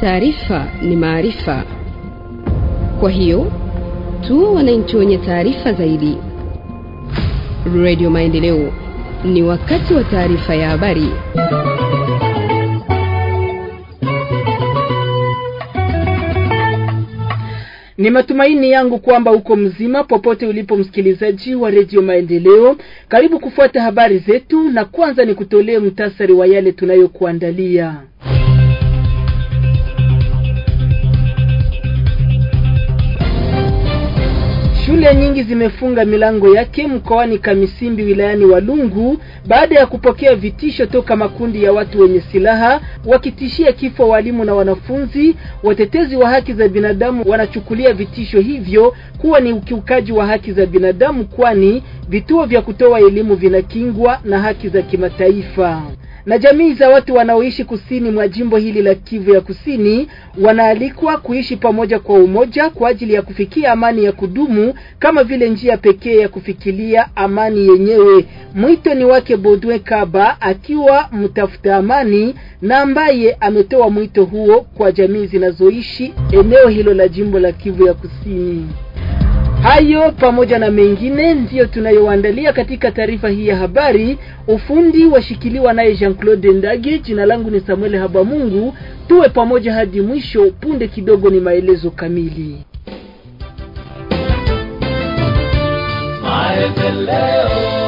Taarifa ni maarifa, kwa hiyo tuwe wananchi wenye taarifa zaidi. Radio Maendeleo, ni wakati wa taarifa ya habari. Ni matumaini yangu kwamba uko mzima popote ulipo, msikilizaji wa redio Maendeleo. Karibu kufuata habari zetu, na kwanza ni kutolee mtasari wa yale tunayokuandalia. Shule nyingi zimefunga milango yake mkoani Kamisimbi wilayani Walungu baada ya kupokea vitisho toka makundi ya watu wenye silaha wakitishia kifo walimu na wanafunzi. Watetezi wa haki za binadamu wanachukulia vitisho hivyo kuwa ni ukiukaji wa haki za binadamu, kwani vituo vya kutoa elimu vinakingwa na haki za kimataifa na jamii za watu wanaoishi kusini mwa jimbo hili la Kivu ya Kusini wanaalikwa kuishi pamoja kwa umoja kwa ajili ya kufikia amani ya kudumu kama vile njia pekee ya kufikilia amani yenyewe. Mwito ni wake Bodwe Kaba akiwa mtafuta amani na ambaye ametoa mwito huo kwa jamii zinazoishi eneo hilo la jimbo la Kivu ya Kusini. Hayo pamoja na mengine ndiyo tunayoandalia katika taarifa hii ya habari. Ufundi washikiliwa naye Jean-Claude Ndage. Jina langu ni Samuel Habamungu, tuwe pamoja hadi mwisho. Punde kidogo ni maelezo kamili. Maendeleo.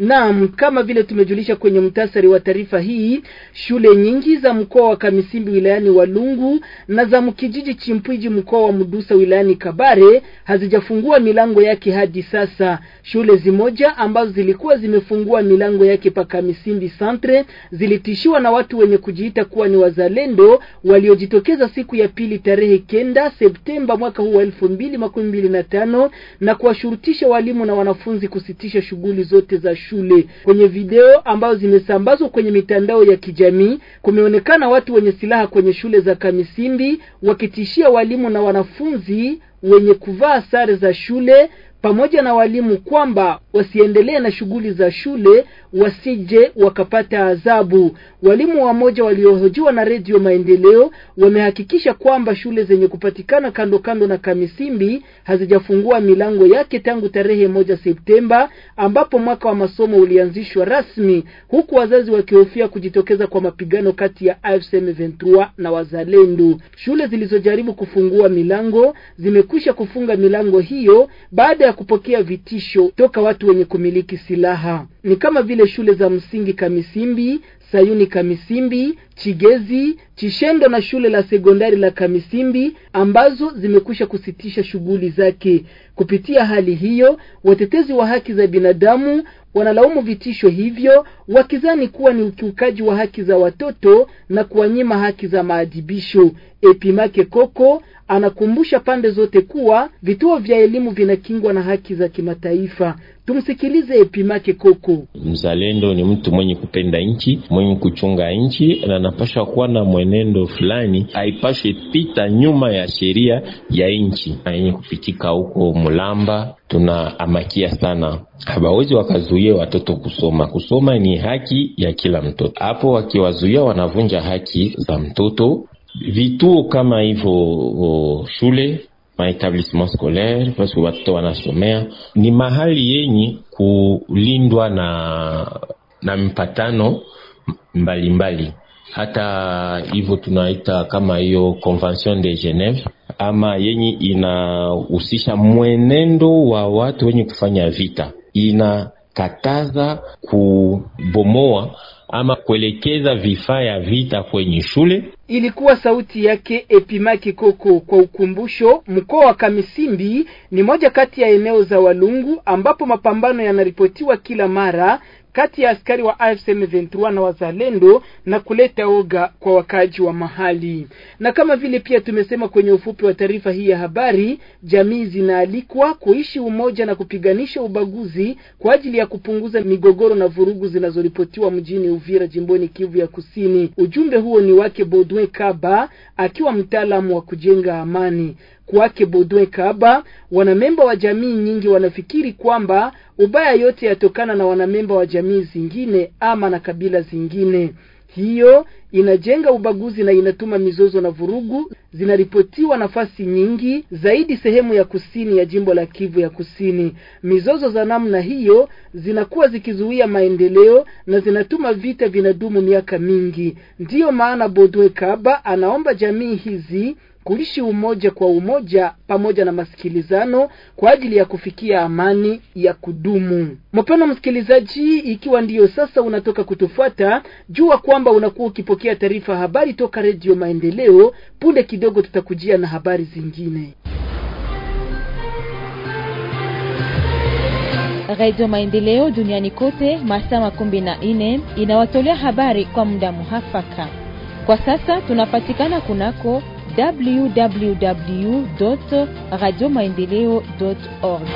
Naam, kama vile tumejulisha kwenye mtasari wa taarifa hii, shule nyingi za mkoa wa Kamisimbi wilayani Walungu na za mkijiji Chimpwiji mkoa wa Mdusa wilayani Kabare hazijafungua milango yake hadi sasa. Shule zimoja ambazo zilikuwa zimefungua milango yake pa Kamisimbi Centre zilitishiwa na watu wenye kujiita kuwa ni wazalendo waliojitokeza siku ya pili tarehe kenda Septemba mwaka huu wa elfu mbili makumi mbili na tano na kuwashurutisha walimu na wanafunzi kusitisha shughuli zote za shule shule. Kwenye video ambazo zimesambazwa kwenye mitandao ya kijamii, kumeonekana watu wenye silaha kwenye shule za Kamisimbi wakitishia walimu na wanafunzi wenye kuvaa sare za shule pamoja na walimu kwamba wasiendelee na shughuli za shule wasije wakapata adhabu. Walimu wamoja waliohojiwa na Redio Maendeleo wamehakikisha kwamba shule zenye kupatikana kando kando na Kamisimbi hazijafungua milango yake tangu tarehe moja Septemba ambapo mwaka wa masomo ulianzishwa rasmi, huku wazazi wakihofia kujitokeza kwa mapigano kati ya AFC M23 na wazalendo. Shule zilizojaribu kufungua milango zimekwisha kufunga milango hiyo baada ya kupokea vitisho toka watu wenye kumiliki silaha, ni kama vile shule za msingi Kamisimbi, Sayuni Kamisimbi, Chigezi, Chishendo na shule la sekondari la Kamisimbi ambazo zimekwisha kusitisha shughuli zake. Kupitia hali hiyo, watetezi wa haki za binadamu wanalaumu vitisho hivyo wakizani kuwa ni ukiukaji wa haki za watoto na kuwanyima haki za maadhibisho. Epimake Koko anakumbusha pande zote kuwa vituo vya elimu vinakingwa na haki za kimataifa. Tumsikilize Epimake Koko. Mzalendo ni mtu mwenye kupenda nchi, mwenye kuchunga nchi, na anapasha kuwa na mwenendo fulani, haipashe pita nyuma ya sheria ya nchi yenye kupitika huko Mulamba. Tunaamakia sana, hawawezi wakazuia watoto kusoma. Kusoma ni haki ya kila mtoto. Hapo wakiwazuia, wanavunja haki za mtoto. Vituo kama hivyo oh, shule maetablissement scolaire parce que watoto wanasomea, ni mahali yenye kulindwa na na mpatano mbalimbali mbali. Hata hivyo tunaita kama hiyo Convention de Geneve ama yenye inahusisha mwenendo wa watu wenye kufanya vita, inakataza kubomoa ama kuelekeza vifaa ya vita kwenye shule. Ilikuwa sauti yake Epimaki Koko. Kwa ukumbusho, mkoa wa Kamisimbi ni moja kati ya eneo za Walungu ambapo mapambano yanaripotiwa kila mara kati ya askari wa AFC M23 na wazalendo na kuleta oga kwa wakaaji wa mahali. Na kama vile pia tumesema kwenye ufupi wa taarifa hii ya habari, jamii zinaalikwa kuishi umoja na kupiganisha ubaguzi kwa ajili ya kupunguza migogoro na vurugu zinazoripotiwa mjini Uvira jimboni Kivu ya Kusini. Ujumbe huo ni wake Baudouin Kaba akiwa mtaalamu wa kujenga amani kwake Bodwe Kaba, wanamemba wa jamii nyingi wanafikiri kwamba ubaya yote yatokana na wanamemba wa jamii zingine ama na kabila zingine. Hiyo inajenga ubaguzi na inatuma mizozo na vurugu zinaripotiwa nafasi nyingi zaidi sehemu ya kusini ya jimbo la Kivu ya Kusini. Mizozo za namna hiyo zinakuwa zikizuia maendeleo na zinatuma vita vinadumu miaka mingi. Ndiyo maana Bodwe Kaba anaomba jamii hizi kuishi umoja kwa umoja pamoja na masikilizano kwa ajili ya kufikia amani ya kudumu. Mpendwa msikilizaji, ikiwa ndiyo sasa unatoka kutufuata, jua kwamba unakuwa ukipokea taarifa habari toka Redio Maendeleo. Punde kidogo tutakujia na habari zingine. Radio Maendeleo duniani kote masaa makumi na nne inawatolea habari kwa muda muhafaka. Kwa sasa tunapatikana kunako www.radiomaendeleo.org.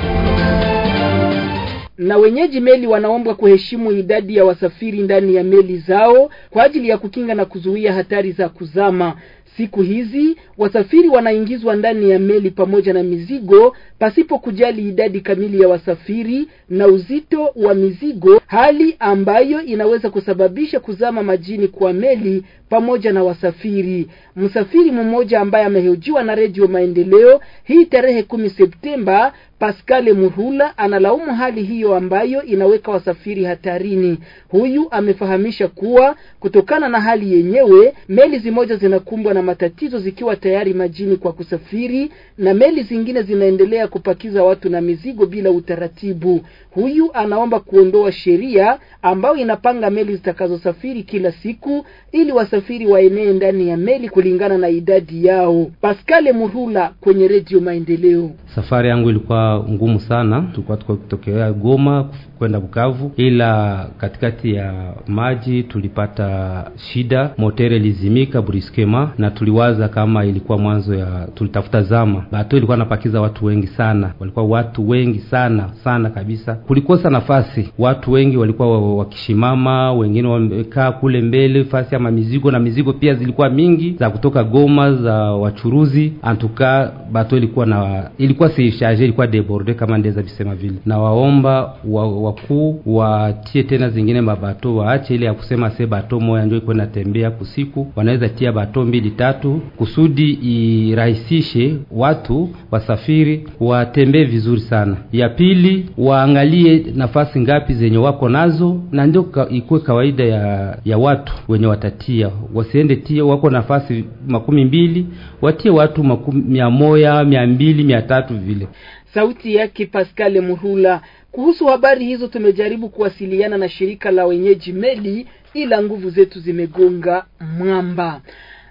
Na wenyeji meli wanaombwa kuheshimu idadi ya wasafiri ndani ya meli zao kwa ajili ya kukinga na kuzuia hatari za kuzama. Siku hizi wasafiri wanaingizwa ndani ya meli pamoja na mizigo pasipo kujali idadi kamili ya wasafiri na uzito wa mizigo hali ambayo inaweza kusababisha kuzama majini kwa meli pamoja na wasafiri. Msafiri mmoja ambaye amehojiwa na Redio Maendeleo hii tarehe kumi Septemba, Pascal Murula analaumu hali hiyo ambayo inaweka wasafiri hatarini. Huyu amefahamisha kuwa kutokana na hali yenyewe, meli zimoja zinakumbwa na matatizo zikiwa tayari majini kwa kusafiri, na meli zingine zinaendelea kupakiza watu na mizigo bila utaratibu. Huyu anaomba kuondoa sheria sheria ambayo inapanga meli zitakazosafiri kila siku ili wasafiri waenee ndani ya meli kulingana na idadi yao. Pascal Murula kwenye Redio Maendeleo. Safari yangu ilikuwa ngumu sana, tulikuwa tuko kutokea Goma kwenda Bukavu, ila katikati ya maji tulipata shida, motere ilizimika briskema, na tuliwaza kama ilikuwa mwanzo ya tulitafuta zama. Bato ilikuwa napakiza watu wengi sana, walikuwa watu wengi sana sana kabisa, kulikosa nafasi, watu wengi walikuwa wakishimama, wengine wamekaa kule mbele fasi ya mamizigo, na mizigo pia zilikuwa mingi za kutoka Goma za wachuruzi, antuka bato ilikuwa na ilikuwa ilikuwa charge, ilikuwa deborde kama ndeza visema vile, na waomba wakuu watie tena zingine mabato, waache ile ya kusema se bato moya ndio iko natembea kusiku, wanaweza tia bato mbili tatu kusudi irahisishe watu wasafiri watembee vizuri sana. Ya pili waangalie nafasi ngapi zenye wako nazo, na ndio ikuwe kawaida ya ya watu wenye watatia, wasiende tia wako nafasi makumi mbili watie watu makumi, mia moya mia mbili mia tatu vile. Sauti yake Pascal Muhula. Kuhusu habari hizo, tumejaribu kuwasiliana na shirika la wenyeji meli, ila nguvu zetu zimegonga mwamba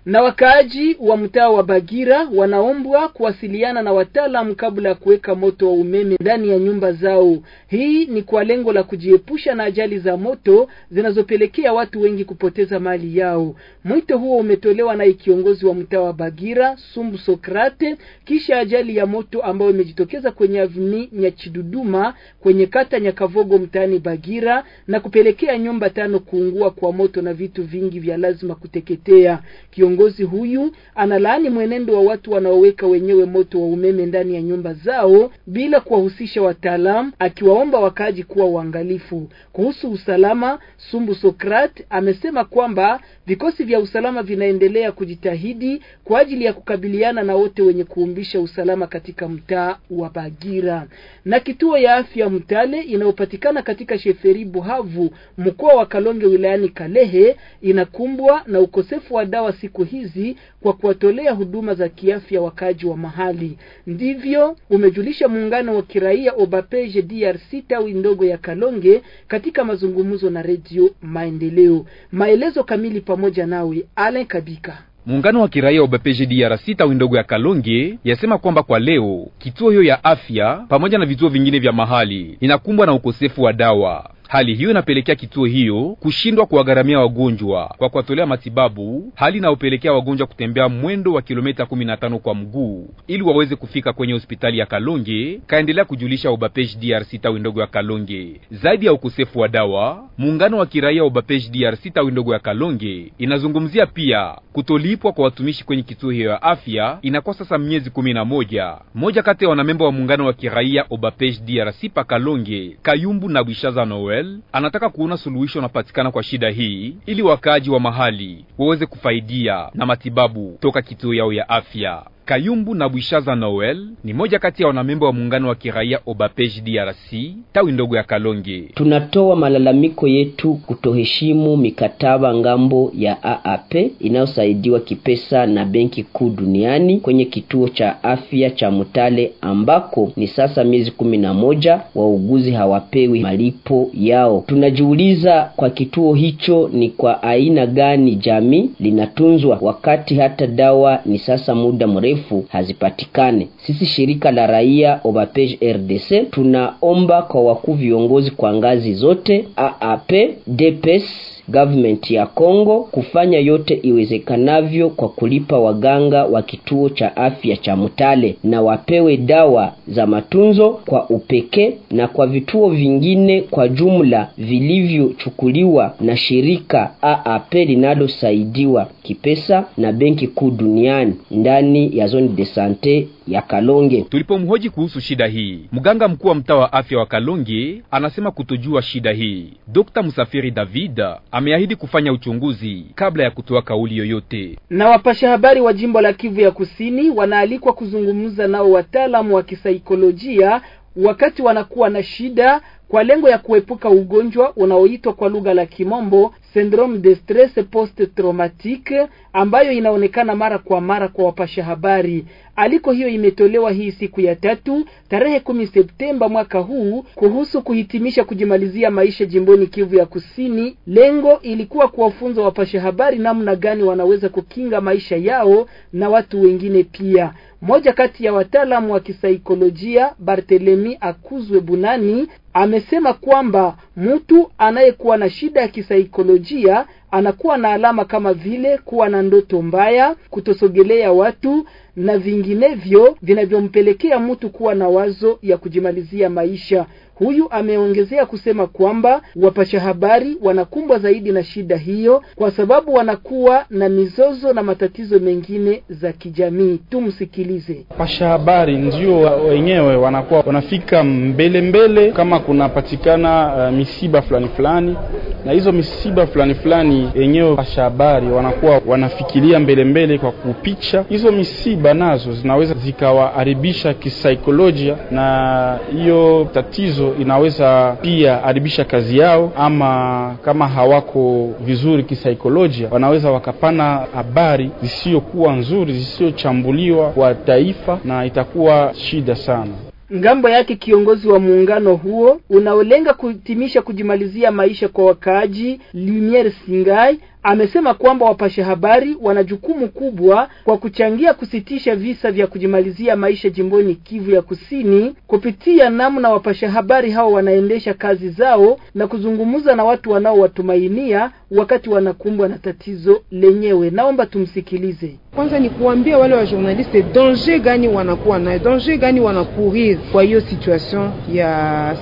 na wakaaji wa mtaa wa Bagira wanaombwa kuwasiliana na wataalamu kabla ya kuweka moto wa umeme ndani ya nyumba zao. Hii ni kwa lengo la kujiepusha na ajali za moto zinazopelekea watu wengi kupoteza mali yao. Mwito huo umetolewa na kiongozi wa mtaa wa Bagira Sumbu Sokrate kisha ajali ya moto ambayo imejitokeza kwenye avni Nyachiduduma kwenye kata Nyakavogo mtaani Bagira na kupelekea nyumba tano kuungua kwa moto na vitu vingi vya lazima kuteketea. Kiongozi Kiongozi huyu analaani mwenendo wa watu wanaoweka wenyewe moto wa umeme ndani ya nyumba zao bila kuwahusisha wataalamu, akiwaomba wakaaji kuwa uangalifu. Kuhusu usalama, Sumbu Sokrat amesema kwamba vikosi vya usalama vinaendelea kujitahidi kwa ajili ya kukabiliana na wote wenye kuumbisha usalama katika mtaa wa Bagira. Na kituo ya afya Mtale inayopatikana katika Sheferi Buhavu, mkoa wa Kalonge wilayani Kalehe inakumbwa na ukosefu wa dawa siku hizi kwa kuwatolea huduma za kiafya wakaji wa mahali. Ndivyo umejulisha muungano wa kiraia Obapeje DRC tawi ndogo ya Kalonge katika mazungumzo na Redio Maendeleo. Maelezo kamili pamoja nawe Alain Kabika. Muungano wa kiraia wa Bapeje DRC tawi ndogo ya Kalonge yasema kwamba kwa leo kituo hiyo ya afya pamoja na vituo vingine vya mahali inakumbwa na ukosefu wa dawa. Hali hiyo inapelekea kituo hiyo kushindwa kuwagharamia wagonjwa kwa kuwatolea matibabu, hali inayopelekea wagonjwa kutembea mwendo wa kilomita 15 kwa mguu ili waweze kufika kwenye hospitali ya Kalonge, kaendelea kujulisha Obapesh DRC tawi ndogo ya Kalonge. Zaidi ya ukosefu wa dawa, muungano wa kiraia Obapesh DRC tawi ndogo ya Kalonge inazungumzia pia kutolipwa kwa watumishi kwenye kituo hiyo ya afya, inakuwa sasa miezi 11. Moja kati ya wanamemba wa muungano wa kiraia Obapesh DRC pa Kalonge, Kayumbu na Bwishaza Noel Sahel anataka kuona suluhisho unapatikana kwa shida hii ili wakaaji wa mahali waweze kufaidia na matibabu toka kituo yao ya afya. Kayumbu na Bwishaza Noel ni moja kati ya wanamemba wa muungano wa kiraia Obapeji DRC tawi ndogo ya Kalonge. Tunatoa malalamiko yetu kutoheshimu mikataba ngambo ya AAP inayosaidiwa kipesa na Benki Kuu duniani kwenye kituo cha afya cha Mutale ambako ni sasa miezi kumi na moja wauguzi hawapewi malipo yao. Tunajiuliza kwa kituo hicho ni kwa aina gani jamii linatunzwa wakati hata dawa ni sasa muda mrefu urefu hazipatikane. Sisi shirika la raia Obapege RDC tunaomba kwa wakuu viongozi kwa ngazi zote AAP, DPS government ya Kongo kufanya yote iwezekanavyo kwa kulipa waganga wa kituo cha afya cha Mutale na wapewe dawa za matunzo kwa upekee na kwa vituo vingine kwa jumla vilivyochukuliwa na shirika AAP linalosaidiwa kipesa na Benki Kuu Duniani ndani ya zone de sante ya Kalonge. Tulipomhoji kuhusu shida hii, mganga mkuu wa mtaa wa afya wa Kalonge anasema kutojua shida hii. Dr. Musafiri David ameahidi kufanya uchunguzi kabla ya kutoa kauli yoyote. Na wapasha habari wa jimbo la Kivu ya Kusini wanaalikwa kuzungumza nao wataalamu wa kisaikolojia wakati wanakuwa na shida kwa lengo ya kuepuka ugonjwa unaoitwa kwa lugha la Kimombo syndrome de stress post traumatique, ambayo inaonekana mara kwa mara kwa wapasha habari. Aliko hiyo imetolewa hii siku ya tatu tarehe kumi Septemba mwaka huu kuhusu kuhitimisha kujimalizia maisha jimboni Kivu ya Kusini. Lengo ilikuwa kuwafunza wapasha habari namna gani wanaweza kukinga maisha yao na watu wengine pia. Moja kati ya wataalamu wa kisaikolojia Barthelemy Akuzwe Bunani amesema kwamba mtu anayekuwa na shida ya kisaikolojia anakuwa na alama kama vile kuwa na ndoto mbaya, kutosogelea watu na vinginevyo vinavyompelekea mtu kuwa na wazo ya kujimalizia maisha. Huyu ameongezea kusema kwamba wapasha habari wanakumbwa zaidi na shida hiyo kwa sababu wanakuwa na mizozo na matatizo mengine za kijamii. Tumsikilize. Wapasha habari ndio wenyewe wanakuwa wanafika mbele mbele kama kunapatikana uh, misiba fulani fulani, na hizo misiba fulani fulani lakini wenyewe habari wanakuwa wanafikiria mbele mbele kwa kupicha hizo misiba, nazo zinaweza zikawaharibisha kisaikolojia, na hiyo tatizo inaweza pia haribisha kazi yao, ama kama hawako vizuri kisaikolojia, wanaweza wakapana habari zisiyokuwa nzuri zisiyochambuliwa kwa taifa, na itakuwa shida sana. Ngambo yake kiongozi wa muungano huo unaolenga kutimisha kujimalizia maisha kwa wakaaji Lumiere Singai amesema kwamba wapasha habari wana jukumu kubwa kwa kuchangia kusitisha visa vya kujimalizia maisha jimboni Kivu ya Kusini kupitia namna wapasha habari hao wanaendesha kazi zao na kuzungumza na watu wanaowatumainia wakati wanakumbwa na tatizo lenyewe. Naomba tumsikilize. Kwanza ni kuambia wale wa journaliste danger gani wanakuwa nayo, danger gani wanakurir kwa hiyo situation ya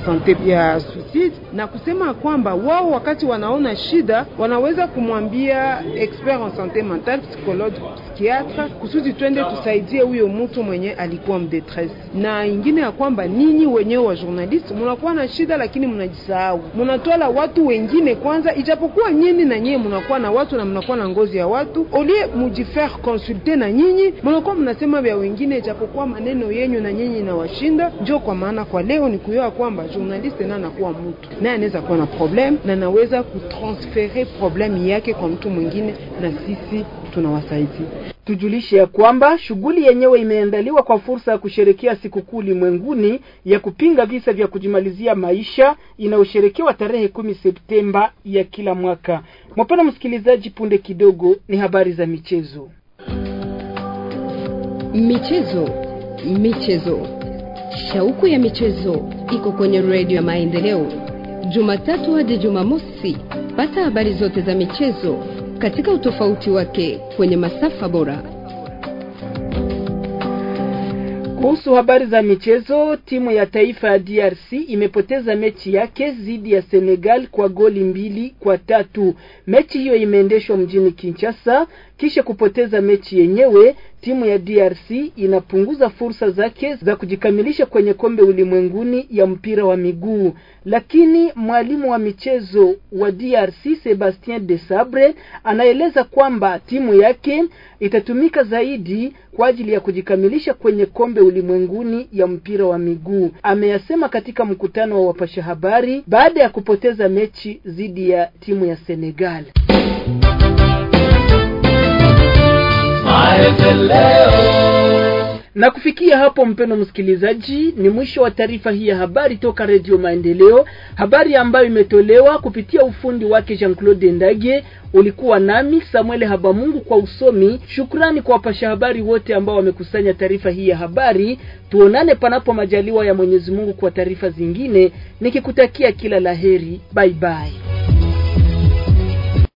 sante ya suicide, na kusema kwamba wao wakati wanaona shida wanaweza kumwambia tunaambia expert en santé mentale, psychologue, psychiatre kusudi twende tusaidie huyo mtu mwenye alikuwa mdetresse. Na ingine ya kwamba ninyi wenyewe wa journaliste munakuwa na shida, lakini mnajisahau, munatwala watu wengine kwanza, ijapokuwa nyinyi na nyinyi munakuwa na watu na mnakuwa na ngozi ya watu olie mujifaire consulter, na nyinyi munakuwa mnasema vya wengine, ijapokuwa maneno yenyu na nyinyi inawashinda. Njo kwa maana kwa leo ni kuyoa kwamba journaliste na anakuwa mtu naye anaweza kuwa na problem na anaweza kutransfere problemi yake kwa mtu mwingine, na sisi tunawasaidia. Tujulishe ya kwamba shughuli yenyewe imeandaliwa kwa fursa ya kusherekea sikukuu ulimwenguni ya kupinga visa vya kujimalizia maisha inayosherekewa tarehe kumi Septemba ya kila mwaka. Mwapana msikilizaji, punde kidogo ni habari za michezo. Michezo, michezo, shauku ya michezo iko kwenye redio ya Maendeleo, Jumatatu hadi Jumamosi Pata habari zote za michezo katika utofauti wake kwenye masafa bora Kuhusu habari za michezo, timu ya taifa ya DRC imepoteza mechi yake dhidi ya Senegal kwa goli mbili kwa tatu. Mechi hiyo imeendeshwa mjini Kinshasa. Kisha kupoteza mechi yenyewe, timu ya DRC inapunguza fursa zake za kujikamilisha kwenye kombe ulimwenguni ya mpira wa miguu. Lakini mwalimu wa michezo wa DRC Sebastien de sabre anaeleza kwamba timu yake itatumika zaidi kwa ajili ya kujikamilisha kwenye kombe ulimwenguni ya mpira wa miguu. Ameyasema katika mkutano wa wapasha habari baada ya kupoteza mechi dhidi ya timu ya Senegal. Maendeleo. Na kufikia hapo, mpendo msikilizaji, ni mwisho wa taarifa hii ya habari toka Redio Maendeleo, habari ambayo imetolewa kupitia ufundi wake Jean-Claude Ndage. Ulikuwa nami Samuel Habamungu kwa usomi. Shukrani kwa wapasha habari wote ambao wamekusanya taarifa hii ya habari. Tuonane panapo majaliwa ya Mwenyezi Mungu kwa taarifa zingine, nikikutakia kila laheri. Bye bye.